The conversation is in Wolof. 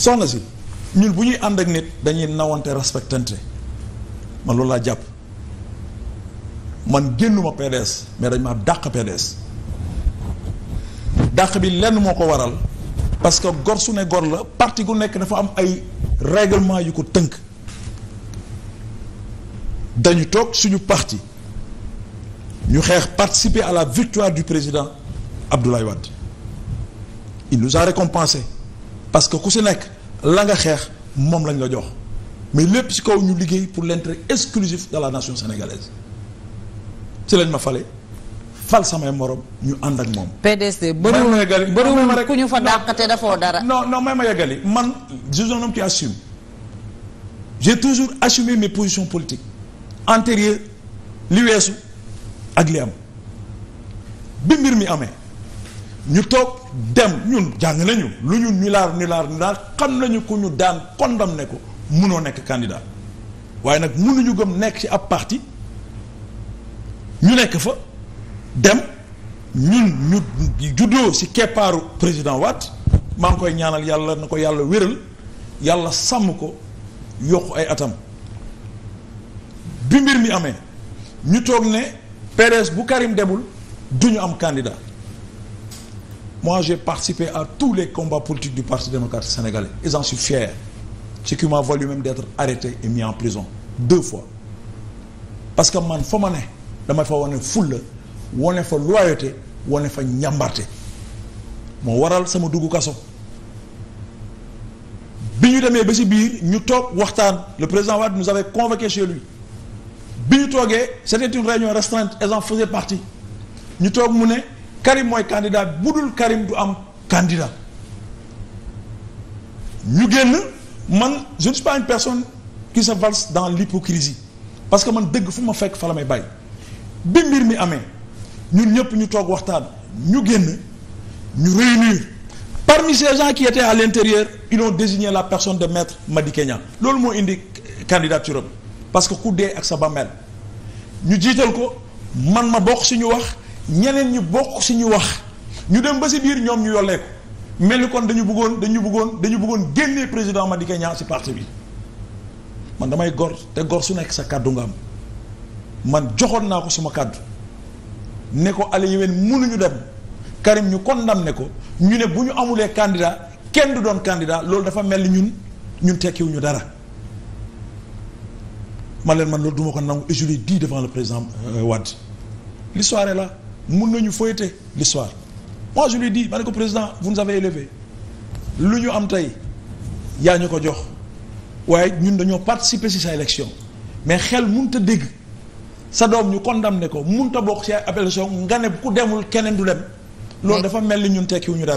soxna si ñun bu ñuy ànd ak nit dañuy nawante respectante man loolu laa jàpp man génnuma PDS mais dañ maa dàq PDS dàq bi lenn moo ko waral parce que gor su ne gor la parti gu nekk dafa am ay règlement yu ko tënk dañu toog suñu parti ñu xeex participer à la victoire du président Abdoulaye Wade il nous a récompensé parce que ku si nekk la nga xeex moom lañ la jox mais lépp si kaw ñu liggéey pour l'intérêt exclusif de la nation sénégalaise ci lañ ma fale fal samay morom ñu ànd ak moom. PDS bëriwul bëriwul ku ñu fa dàqate dafoo dara. no non may ma yeggali man je suis un homme assume j'ai toujours assumé mes positions politiques antérieures li weesu ak li am bi mbir mi amee. ñu toog dem ñun jàng nañu lu ñu nilaar nilaar nilaar xam nañu ku ñu daan ne ko munoo nekk candidat waaye nag munuñu gëm nekk ci ab parti ñu nekk fa dem ñun ñu juddoo ci keppaaru président Wade maa ngi koy ñaanal yàlla na ko yàlla wéral yàlla sàmm ko yokk ay atam bi mbir mi amee ñu toog ne PDS bu Karim demul du ñu am candidat Moi, j'ai participé à tous les combats politiques du Parti démocratique sénégalais et j'en suis fier. Ce qui m'a valu même d'être arrêté et mis en prison deux fois. parce que man foo ma ne dama fa wane fulla wane fa loyauté wane fa njàmbarte moo waral sama duggu kaso bi ñu demee ba ci biir ñu toog waxtaan le président Wade nous avait convoqué chez lui bi ñu toogee c'était une réunion restreinte et j'en partie ñu toog mu ne Karim mooy candidat bu dul Karim du am candidat ñu génn man je ne suis pas une personne qui se valse dans l'hypocrisie parce que man dëgg fu ma fekk fa la may bàyyi bi mbir mi amee ñun ñëpp ñu toog waxtaan ñu génn ñu réunir parmi ces gens qui étaient à l'intérieur ils ont désigné la personne de ma di Niang loolu moo indi candidature am parce que ku dee ak sa bàmmeel ñu jiital ko man ma bokk ñu wax ñeneen ñu bokk ñu wax ñu dem ba si biir ñoom ñu yollee ko mel ni kon dañu bëggoon dañu bëggoon dañu bëggoon génnee président Madické Niang si parti bi man damay gor te gor su nekk sa kàddu nga am man joxoon naa ko suma kàddu ne ko ale yéwén mënuñu dem Karim ñu ne ko ñu ne bu ñu amulee candidat kenn du doon candidat loolu dafa mel ni ñun ñun tekkiwuñu dara man leen man loolu duma ko nangu et je l'ai dit devant le président euh, Wade l'histoire est là mun nañu feuilleter l'histoire moi je lui dis ma ne ko président vous nous avez élevé lu ñu am tey yaa ñu ko jox waaye ñun dañoo participer ci sa élection mais xel mënut a dégg sa doom ñu condamné ko mënut a bokk ci appellation nga ne ku demul keneen du dem loolu dafa mel ni ñun tekkiwuñu dara